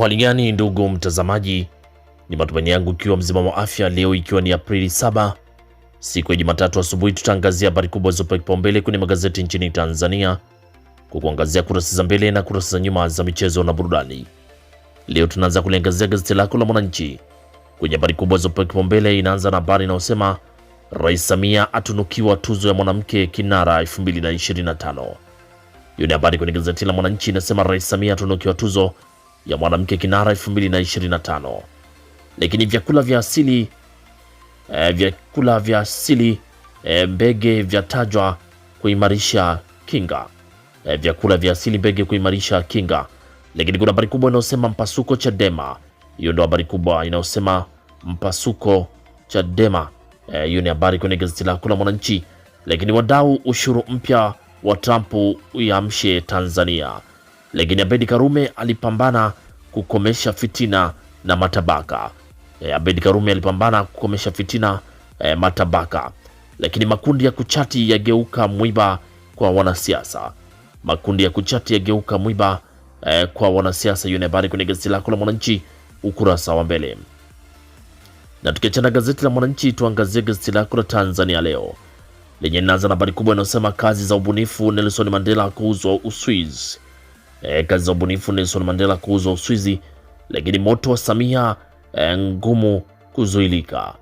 Hali gani ndugu mtazamaji, ni matumaini yangu ikiwa mzima wa afya. Leo ikiwa ni Aprili 7 siku ya Jumatatu asubuhi, tutaangazia habari kubwa zopewa kipaumbele kwenye magazeti nchini Tanzania kwa kuangazia kurasa za mbele na kurasa za nyuma za michezo na burudani. Leo tunaanza kuliangazia gazeti lako la Mwananchi kwenye habari kubwa zopewa kipaumbele. Inaanza na habari inayosema Rais Samia atunukiwa tuzo ya mwanamke kinara 2025. Hiyo ni habari kwenye gazeti la Mwananchi inasema Rais Samia atunukiwa tuzo ya mwanamke kinara 2025 lakini vyakula vya asili e, vyakula vya asili e, mbege vyatajwa kuimarisha kinga e, vyakula vya asili mbege kuimarisha kinga. Lakini kuna habari kubwa inayosema mpasuko Chadema. Hiyo ndio habari kubwa inayosema mpasuko Chadema. E, hiyo e, ni habari kwenye gazeti lako la Mwananchi. Lakini wadau, ushuru mpya wa Trump uyamshe Tanzania lakini Abedi Karume alipambana kukomesha fitina na matabaka. E, Abedi Karume alipambana kukomesha fitina e, matabaka. Lakini makundi ya kuchati yageuka mwiba kwa wanasiasa, makundi ya kuchati yageuka mwiba e, kwa wanasiasa. Hiyo ni habari kwenye gazeti lako la Mwananchi ukurasa wa mbele. Na tukiachana gazeti la Mwananchi, tuangazie gazeti lako la Tanzania Leo lenye inaanza na habari kubwa inayosema kazi za ubunifu Nelson Mandela kuuzwa Uswizi e, kazi za ubunifu Nelson Mandela kuuzwa Uswizi, lakini moto wa Samia e, ngumu kuzuilika.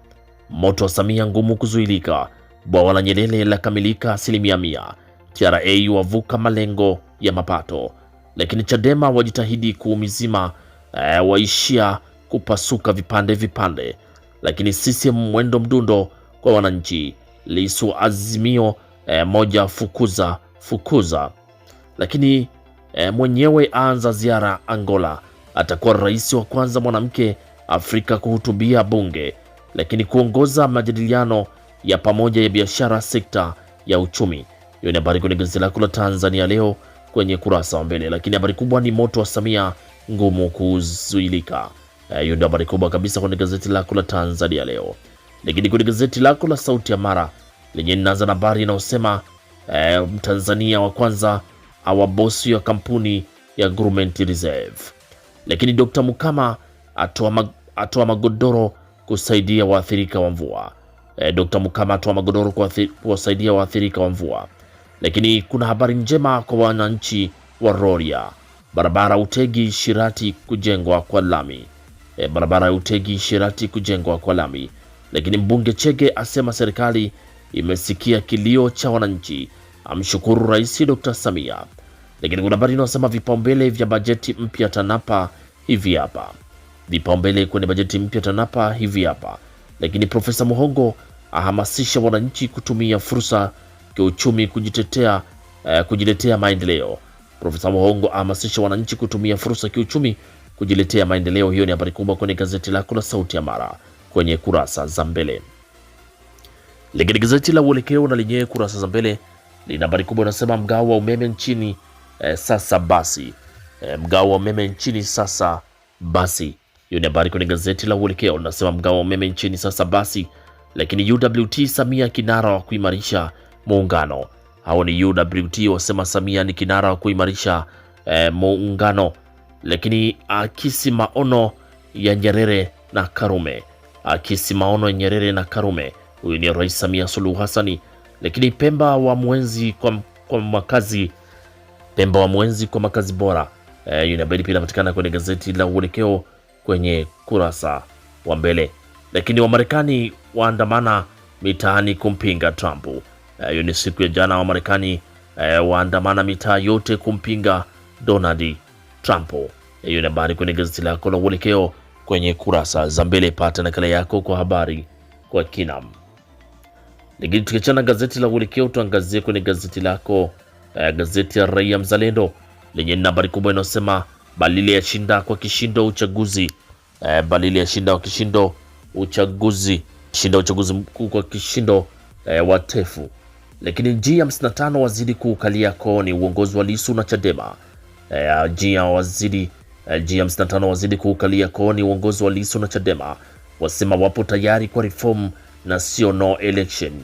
Moto wa Samia ngumu kuzuilika. Bwawa la Nyerere la kamilika asilimia mia. TRA wavuka malengo ya mapato, lakini Chadema wajitahidi kuumizima e, waishia kupasuka vipande vipande, lakini CCM mwendo mdundo kwa wananchi. Lisu azimio e, moja fukuza fukuza, lakini e, mwenyewe aanza ziara Angola. Atakuwa rais wa kwanza mwanamke Afrika kuhutubia bunge, lakini kuongoza majadiliano ya pamoja ya biashara, sekta ya uchumi. Hiyo ni habari kwenye gazeti lako la Tanzania leo kwenye kurasa wa mbele, lakini habari kubwa ni moto wa Samia ngumu kuzuilika. Eh, hiyo ndio habari kubwa kabisa kwenye gazeti lako la Tanzania leo. Lakini kwenye gazeti lako la Sauti ya Mara lenye ninaanza na habari inayosema eh, Mtanzania wa kwanza awa bosi ya kampuni ya Grumenti Reserve. Lakini Dr. Mukama atoa mag, magodoro kusaidia waathirika wa mvua. E, eh, Dr. Mukama atoa magodoro kuwasaidia waathirika wa mvua. Lakini kuna habari njema kwa wananchi wa Rorya. Barabara Utegi Shirati kujengwa kwa lami. E, barabara Utegi Shirati kujengwa kwa lami. Lakini mbunge Chege asema serikali imesikia kilio cha wananchi amshukuru Rais Dr. Samia. Lakini kuna habari inasema vipaumbele vya bajeti mpya TANAPA hivi hapa, vipaumbele kwenye bajeti mpya TANAPA hivi hapa. Lakini Profesa Muhongo ahamasisha wananchi kutumia fursa kiuchumi kujitetea, eh, kujiletea maendeleo. Profesa Muhongo ahamasisha wananchi kutumia fursa kiuchumi kujiletea maendeleo. Hiyo ni habari kubwa kwenye gazeti lako la Sauti ya Mara kwenye kurasa za mbele. Lakini gazeti la Uelekeo na lenyewe kurasa za mbele ni habari kubwa inasema mgao wa umeme nchini e, sasa basi e, mgao wa umeme nchini sasa basi. Hiyo ni habari kwenye gazeti la Uelekeo, linasema mgao wa umeme nchini sasa basi. Lakini UWT Samia kinara wa kuimarisha muungano. Hao ni UWT wasema Samia ni kinara wa kuimarisha e, muungano. Lakini akisi maono ya Nyerere na Karume, akisi maono ya Nyerere na Karume. Huyu ni Rais Samia Suluhu Hassani lakini Pemba wa mwenzi kwa, kwa makazi Pemba wa mwenzi kwa makazi bora e, eh, Uniabed pia inapatikana kwenye gazeti la Uelekeo kwenye kurasa wa mbele. Lakini Wamarekani waandamana mitaani kumpinga Trump. Eh, hiyo e, ni siku ya jana Wamarekani e, waandamana mitaa yote kumpinga Donald Trump. Hiyo e, ni habari kwenye gazeti lako la Uelekeo kwenye kurasa za mbele. Pata nakala yako kwa habari kwa kinam lakini tukiachana gazeti la Uelekeo, tuangazie kwenye gazeti lako eh, gazeti ya Raia Mzalendo lenye nambari kubwa inayosema Balili yashinda kwa kishindo uchaguzi. Eh, Balili yashinda kwa kishindo uchaguzi, shinda uchaguzi mkuu kwa kishindo eh, wa tefu. Lakini G55 wazidi kuukalia ni uongozi wa Lisu na Chadema. G55 wazidi, wazidi kuukalia ni uongozi wa Lisu na Chadema, wasema wapo tayari kwa reformu na sio no election.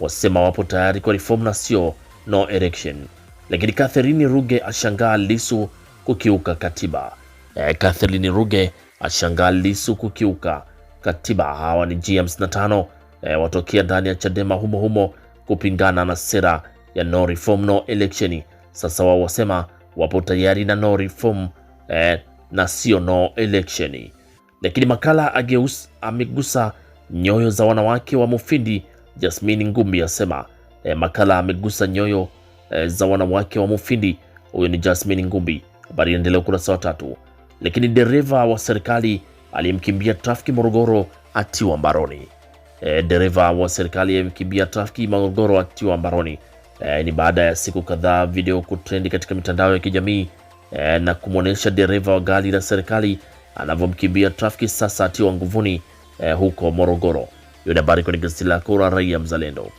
Wasema wapo tayari kwa reform na sio no election. Lakini Catherine Ruge ashangaa Lisu kukiuka katiba. E, Catherine Ruge ashangaa Lisu kukiuka katiba. Hawa ni G55 e, eh, watokea ndani ya Chadema humo humo kupingana na sera ya no reform no election. Sasa wao wasema wapo tayari na no reform eh, na sio no election. Lakini makala ageus amegusa nyoyo za wanawake wa Mufindi, Jasmini Ngumbi asema e, makala amegusa nyoyo e, za wanawake wa Mufindi. Huyo ni Jasmini Ngumbi, habari inaendelea ukurasa wa tatu. Lakini dereva wa serikali aliyemkimbia trafiki Morogoro atiwa mbaroni. E, dereva wa serikali aliyemkimbia trafiki Morogoro atiwa mbaroni. E, ni baada ya siku kadhaa video kutrendi katika mitandao ya kijamii e, na kumwonyesha dereva wa gari la serikali anavyomkimbia trafiki, sasa atiwa nguvuni eh, huko Morogoro. Hiyo ni habari kwenye gazeti la Kura Raia Mzalendo.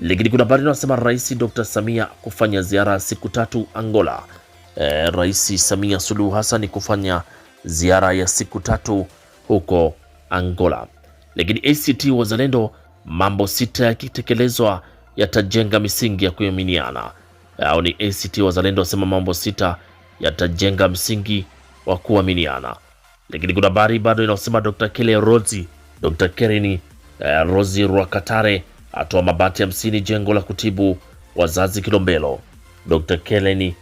Lakini kuna habari inasema Rais Dr. Samia kufanya ziara siku tatu Angola. Eh, Rais Samia Suluhu Hassan kufanya ziara ya siku tatu huko Angola. Lakini ACT Wazalendo, mambo sita yakitekelezwa yatajenga misingi ya kuaminiana. Au ni ACT Wazalendo wasema mambo sita yatajenga msingi wa kuaminiana. Lakini kuna habari bado inasema Dr. Kile Rozi Dr. Kerini eh, Rozi Rwakatare atoa mabati hamsini jengo la kutibu wazazi Kilombero. Dr. Kerini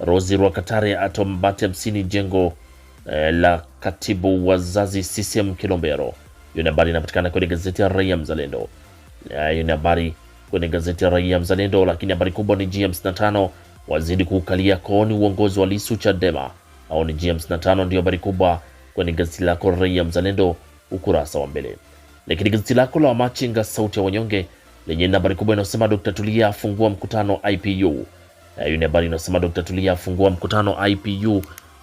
Rozi Rwakatare atoa mabati hamsini jengo eh, la katibu wazazi CCM Kilombero. Hiyo ni habari inapatikana kwenye gazeti ya Raia Mzalendo. Eh, hiyo ni habari kwenye gazeti ya Raia Mzalendo, lakini habari kubwa ni G55 wazidi kuukalia kooni uongozi wa Lisu Chadema au ni G55, ndio habari kubwa kwenye gazeti lako Raia Mzalendo ukurasa wa mbele. Lakini gazeti lako la Wamachinga sauti ya wanyonge lenye habari kubwa inasema Dr. Tulia afungua mkutano IPU. Eh, hiyo ni habari inasema Dr. Tulia afungua mkutano IPU.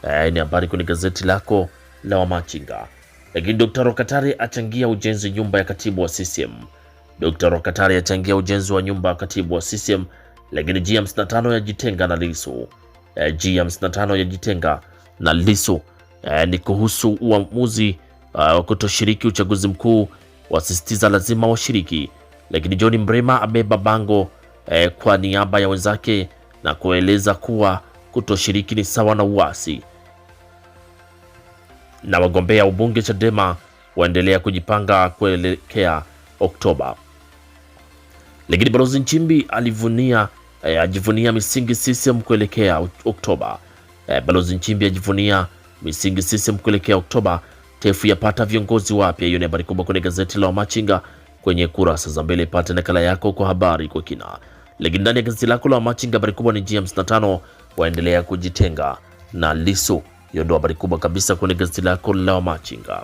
Eh, hiyo Ni habari kwenye gazeti lako la Wamachinga. Lakini Dr. Rokatari achangia ujenzi nyumba ya katibu wa CCM. Dr. Rokatari achangia ujenzi wa nyumba ya katibu wa CCM. Lakini G55 yajitenga na Lisu. Eh, G55 yajitenga na Lisu. Ni kuhusu uamuzi wa uh, kutoshiriki uchaguzi mkuu, wasisitiza lazima washiriki. Lakini John Mrema abeba bango eh, kwa niaba ya wenzake na kueleza kuwa kutoshiriki ni sawa na uasi. Na wagombea ubunge Chadema waendelea kujipanga kuelekea Oktoba. Lakini Balozi Nchimbi alivunia eh, ajivunia misingi CCM kuelekea Oktoba. Eh, Balozi Nchimbi ajivunia misingi CCM kuelekea Oktoba TEF yapata viongozi wapya. Hiyo ni habari kubwa kwenye gazeti la Wamachinga kwenye kurasa za mbele. Pata nakala yako kwa habari kwa kina. Lakini ndani ya gazeti lako la Wamachinga habari kubwa ni G55 waendelea kujitenga na Lissu. Hiyo ndio habari kubwa kabisa kwenye gazeti lako la Wamachinga.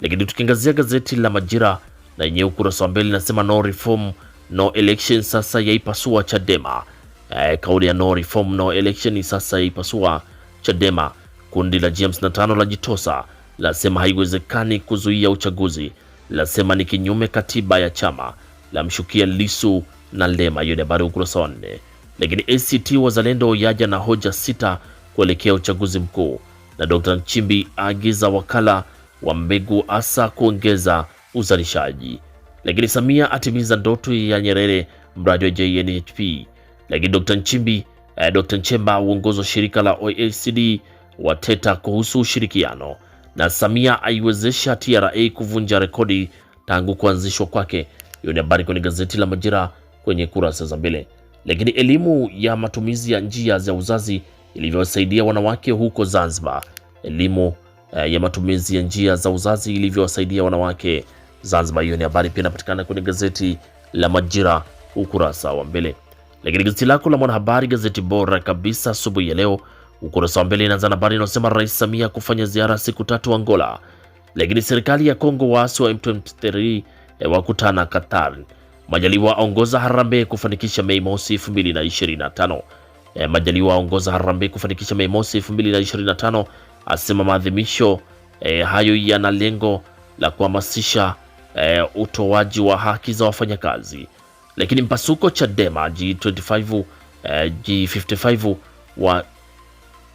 Lakini tukiangazia gazeti la Majira na yenyewe ukurasa wa mbele inasema no reform no election sasa yaipasua Chadema. Eh, kauli ya no reform no election sasa yaipasua Chadema. Kundi la G55 la jitosa lasema haiwezekani kuzuia uchaguzi, lasema ni kinyume katiba ya chama, lamshukia Lisu na Lema. Hiyo ni habari ukurasa wa nne. Lakini ACT Wazalendo yaja na hoja sita kuelekea uchaguzi mkuu, na Dr. Nchimbi aagiza wakala wa mbegu asa kuongeza uzalishaji. Lakini Samia atimiza ndoto ya Nyerere, mradi wa JNHP. Lakini Dr. Nchimbi eh, Dr. Nchemba uongozi wa shirika la OECD wateta kuhusu ushirikiano na Samia aiwezesha TRA kuvunja rekodi tangu kuanzishwa kwake. Hiyo ni habari kwenye gazeti la Majira kwenye kurasa za mbele. Lakini elimu ya matumizi ya njia za uzazi ilivyowasaidia wanawake huko Zanzibar. Elimu eh, ya matumizi ya njia za uzazi ilivyowasaidia wanawake Zanzibar. Hiyo ni habari pia inapatikana kwenye gazeti la Majira ukurasa wa mbele. Lakini gazeti lako la Mwanahabari, gazeti bora kabisa asubuhi ya leo Ukurasa wa mbele inaanza na habari inayosema Rais Samia kufanya ziara siku tatu Angola, lakini serikali ya Kongo waasi wa M23 eh, wakutana Qatar. Majaliwa aongoza harambee kufanikisha Mei Mosi 2025. E, eh, Majaliwa aongoza harambee kufanikisha Mei Mosi 2025, asema maadhimisho e, hayo yana lengo la kuhamasisha e, utoaji wa haki za wafanyakazi. Lakini mpasuko Chadema G25, e, G55 wa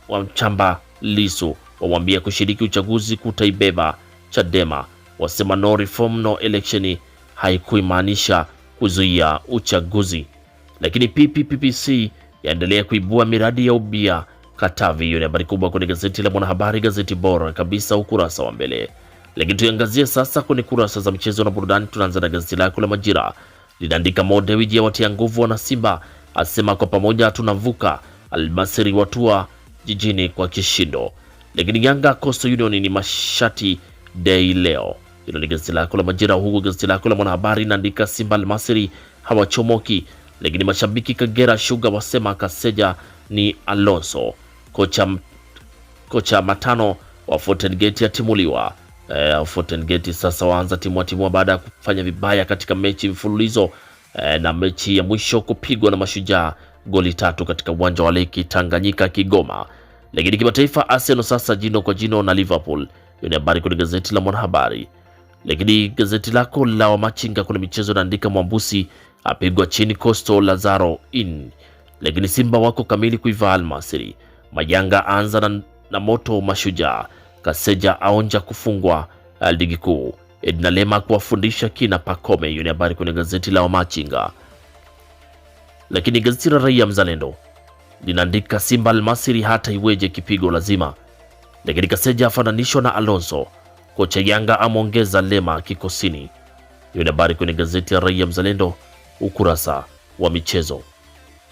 Wamchamba Lisu, wamwambia kushiriki uchaguzi kutaibeba Chadema, wasema no reform no election haikuimaanisha kuzuia uchaguzi. Lakini PPPC yaendelea kuibua miradi ya ubia Katavi. Hiyo ni habari kubwa kwenye gazeti la Mwanahabari, gazeti bora kabisa, ukurasa wa mbele. Lakini tuangazie sasa kwenye kurasa za michezo na burudani. Tunaanza na gazeti lako la Majira, linaandika Mo Dewji watia nguvu wana Simba, asema kwa pamoja tunavuka. Almasiri watua jijini kwa kishindo. Lakini Yanga Coastal Union ni mashati dei leo. Hilo ni gazeti lako la Majira, huku gazeti lako la Mwanahabari naandika Simba Almasiri hawachomoki, lakini mashabiki Kagera Sugar wasema Kaseja ni Alonso. Kocha, kocha matano wa Fountain Gate yatimuliwa. Eh, Fountain Gate sasa waanza wa timu baada ya kufanya vibaya katika mechi mfululizo e, na mechi ya mwisho kupigwa na Mashujaa goli tatu katika uwanja wa Leki Tanganyika Kigoma. Lakini kimataifa, Arsenal sasa jino kwa jino na Liverpool. Hiyo ni habari kwenye gazeti la Mwanahabari. Lakini gazeti lako la Wamachinga kuna michezo inaandika Mwambusi apigwa chini Costo Lazaro in. Lakini Simba wako kamili kuiva Almasiri. Majanga anza na, na moto mashujaa. Kaseja aonja kufungwa eh, ligi kuu. Edna Lema kuwafundisha kina Pakome. Hiyo ni habari kwenye gazeti la Wamachinga. Lakini gazeti la Raia Mzalendo linaandika Simba Almasiri hata iweje kipigo lazima. Lakini Kaseja afananishwa na Alonso, kocha Yanga amwongeza Lema kikosini. Hiyo ni habari kwenye gazeti la Raia Mzalendo ukurasa wa michezo.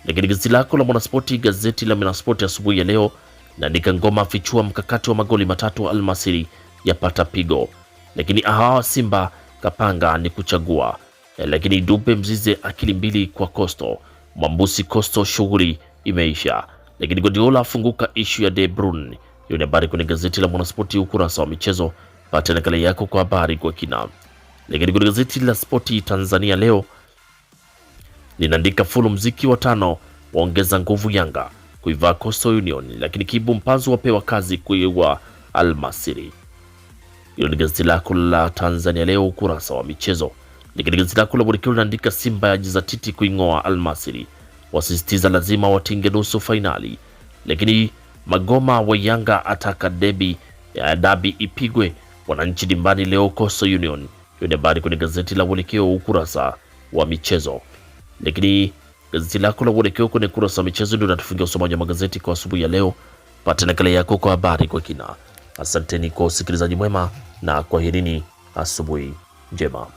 Lakini gazeti lako la Mwanaspoti, gazeti la Mwanaspoti asubuhi ya, ya leo naandika Ngoma afichua mkakati wa magoli matatu wa Almasiri yapata pigo, lakini ahawa Simba kapanga ni kuchagua, lakini Dube Mzize akili mbili kwa kosto Mwambusi Kosto, shughuli imeisha, lakini Guardiola afunguka ishu ya De Bruyne. Hiyo ni habari kwenye gazeti la Mwanaspoti ukurasa wa michezo. Pata nakala yako kwa habari kwa kina. Lakini kwenye gazeti la Spoti Tanzania leo linaandika fulu mziki wa tano waongeza nguvu Yanga kuivaa Coastal Union, lakini Kibu Mpanzu wapewa kazi kuiwa Almasiri. Hilo ni gazeti lako la Tanzania leo ukurasa wa michezo. Lakini gazeti lako la Mwelekeo linaandika Simba yajizatiti kuing'oa Almasiri, wasisitiza lazima watinge nusu fainali. Lakini Magoma wa Yanga ataka debi ya dabi ipigwe, wananchi dimbani leo Coastal Union. Hiyo ni habari kwenye gazeti la Mwelekeo ukurasa wa michezo. Lakini gazeti lako la Mwelekeo kwenye kurasa wa michezo ndio natufungia usomaji wa magazeti kwa asubuhi ya leo. Pata nakala yako kwa habari kwa kina. Asanteni kwa usikilizaji mwema na kwaherini, asubuhi njema.